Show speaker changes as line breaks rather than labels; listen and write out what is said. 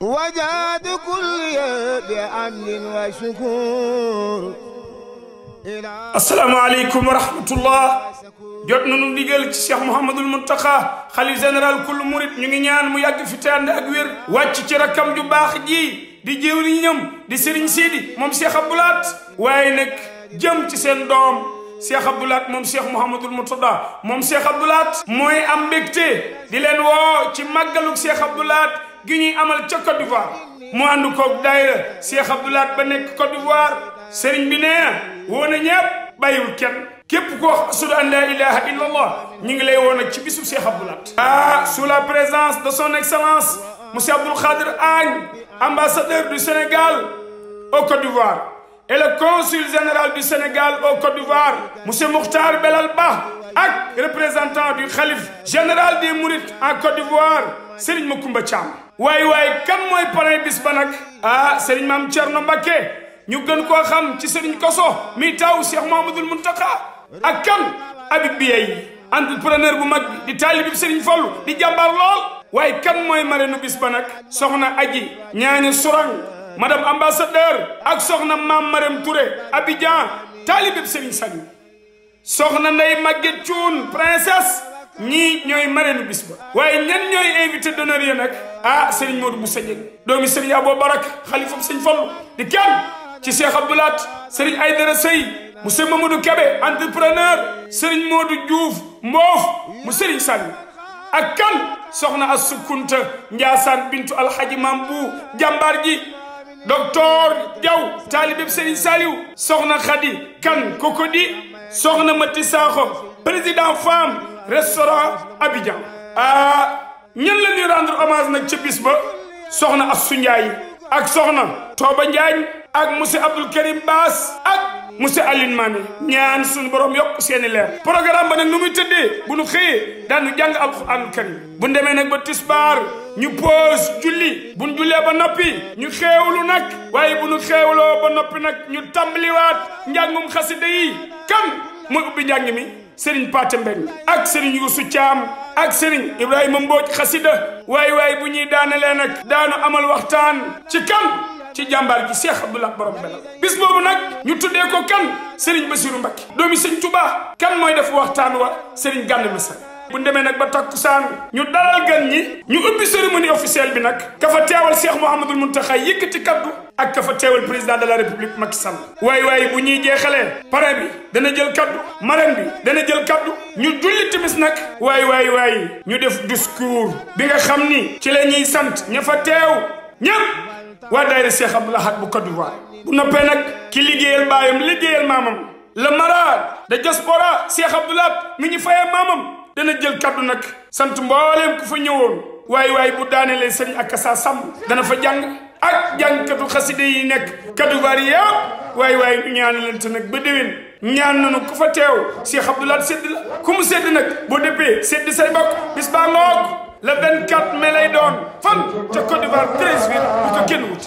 وجاد كل بأمن وشكور asalaamaaleykum wa rahmatullah jot nañu ndigal ci cheikh mouhamadul muntaxa xalif général kul murit ñu ngi ñaan mu yàgg fi te ànd ak wér wàcc ci rakkam ju baax ji di jëwriñam di sëriñ siidi moom cheikh abdoulaat waaye nag jëm ci seen doom cheikh abdoulaat moom cheikh mouhamadul murtada moom cheikh abdoulaat mooy am mbégte di leen woo ci màggaluk cheikh abdoulaat gi ñuy amal ca Côte d'Ivoire mu ànd koog daayira Cheikh Abdoulaat ba nekk Côte d'Ivoire sëriñ bi nee woo na ñëpp bàyyiwul kenn képp ko ashadu an la ilaha illa allah ñu ngi lay woon ci bisu Cheikh Abdoulaat ah sous la présence de son excellence monsieur Abdoul Khadir Agne ambassadeur du Sénégal au Côte d'Ivoire et le consul Sénégal au Côte d'Ivoire monsieur Mokhtar Belal Ba ak représentant du khalife général des Mourides en Côte d'Ivoire Serigne Macoumba Thiam waay waay kan mooy parrain bis ba nag ah sëriñ maam Thierno ñu gën koo xam ci sëriñ Koso mi taaw Cheikh Mouhamadoul Mountakha ak kan Habib Bieye entrepreneur bu mag di taalibi sëriñ Fallu di jàmbaar lool waaye kan mooy marraine bis ba nag soxna aji ñaaña Sourang madame ambassadeur ak soxna maam Marème Touré Abidjan taalibeb Serigne Saliou soxna Ndeye Maguette Thioune princesse ñii ñooy mareenu bis ba waaye ñan ñooy invité d'honneur ya nag ah Serigne Modou Bousso Dieng doomi Serigne Abou Barak xalifam Serigne Fall di kenn ci Cheikh Abdoulaat Serigne Aydara Sey ma Mamadou Kébé entrepreneur Serigne Modou Diouf Mboof mu Serigne Sall ak kan soxna Astou Kounta Ndiassane Bintu Alhaji Mambou jàmbaar ji docteur Diaw taalibeb Serigne Saliou soxna Khady kan koko di soxna Mati Sakho président femme restaurant Abidjan. ah ñan la ñuy rendre hommage nag ca bis ba soxna Assou Ndiaye ak soxna Tooba Ndiagne ak monsieur Abdoul Karim Baas ak monsieur Aline Mami ñaan suñu borom yokk seen i leer. programme ba nag nu muy tëddee bu nu xëyee daanu jàng alxuraanul karim bu ñu demee nag ba tisbaar ñu pause julli bu ñu jullee ba noppi ñu xeewlu nag waaye bu ñu xeewloo ba noppi nag ñu tàmbaliwaat njàngum xasida yi kam muy ubbi njàng mi. sëriñ Pathé Mbeng ak sëriñ Youssou Thiam ak sëriñ Ibrahima Mbodj xasida waay waay bu ñuy daanalee nag daanu amal waxtaan ci kan ci jàmbaar ji Cheikh Abdoulaye Borom Belal bis boobu nag ñu tuddee ko kan Serigne Bassirou Mbacké doomi Serigne Touba kan mooy def waxtaan wa Serigne Gana Messere bu demee nag ba takkusaan ñu dalal gan ñi ñu ubbi cérémonie officielle bi nag ka fa teewal Cheikh Mouhamadul Mountakha yëkkati kaddu ak ka teewal président de la république Macky Sall waaye waaye bu ñuy jeexalee parrain bi dana jël kaddu marraine bi dana jël kaddu ñu julli timis nag waaye waaye waaye ñu def discours bi nga xam ni ci la ñuy sant ña fa teew ñëpp waa daayira Cheikh Abdoul Ahad bu Côte d'Ivoire bu noppee nag ki liggéeyal baayam liggéeyal maamam le maraad de diaspora Cheikh Abdoul Ahad mi ñu fayee maamam dana jël kaddu nag sant mbooleem ku fa ñëwoon waaye waaye bu daanelee sëñ ak saa sàmm dana fa jàng ak jàngkatu xaside yi nekk kaddu bari yëpp waaye waaye ñaanalante nag ba déwén ñaan nañu ku fa teew Cheikh Abdou Lahad sedd la ku mu sedd nag bu déppee sedd say bokk bis baa ngoog la 24 mai lay doon fan ca Côte d'Ivoire 13 bu ko kenn wut.